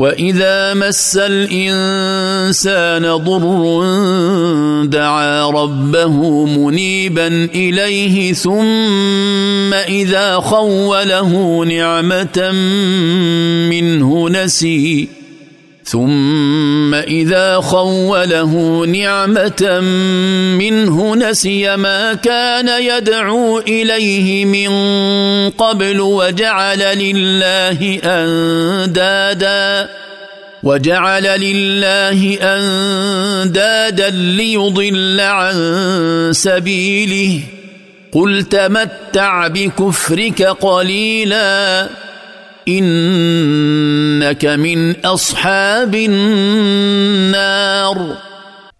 واذا مس الانسان ضر دعا ربه منيبا اليه ثم اذا خوله نعمه منه نسي ثم اذا خوله نعمه منه نسي ما كان يدعو اليه من قبل وجعل لله اندادا وجعل لله اندادا ليضل عن سبيله قل تمتع بكفرك قليلا إنك من أصحاب النار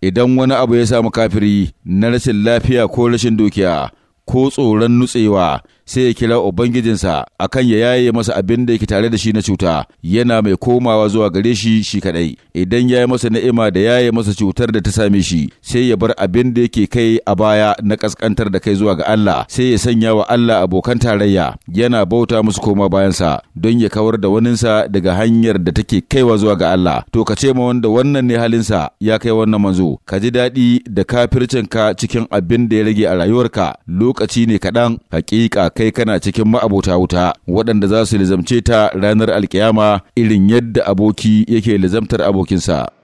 idan wani abu ya samu kafiri na rashin lafiya ko rashin dukiya ko tsoron nutsewa sai ya kira ubangijinsa kan ya yaye masa abin da yake tare da shi na cuta yana mai komawa zuwa gare shi shi kadai idan ya yi masa ni'ima da yaye masa cutar da ta same shi sai ya bar abin da yake kai a baya na kaskantar da kai zuwa ga Allah sai ya sanya wa Allah abokan tarayya yana bauta musu koma bayansa don ya kawar da waninsa daga hanyar da take kaiwa zuwa ga Allah to ka ce ma wanda wannan ne halinsa ya kai wannan manzo ka ji daɗi da kafircinka cikin abin da ya rage a rayuwarka lokaci ne kaɗan hakika kai kana cikin ma'abota wuta waɗanda za su lizamce ta ranar alkiyama irin yadda aboki yake lizamtar abokinsa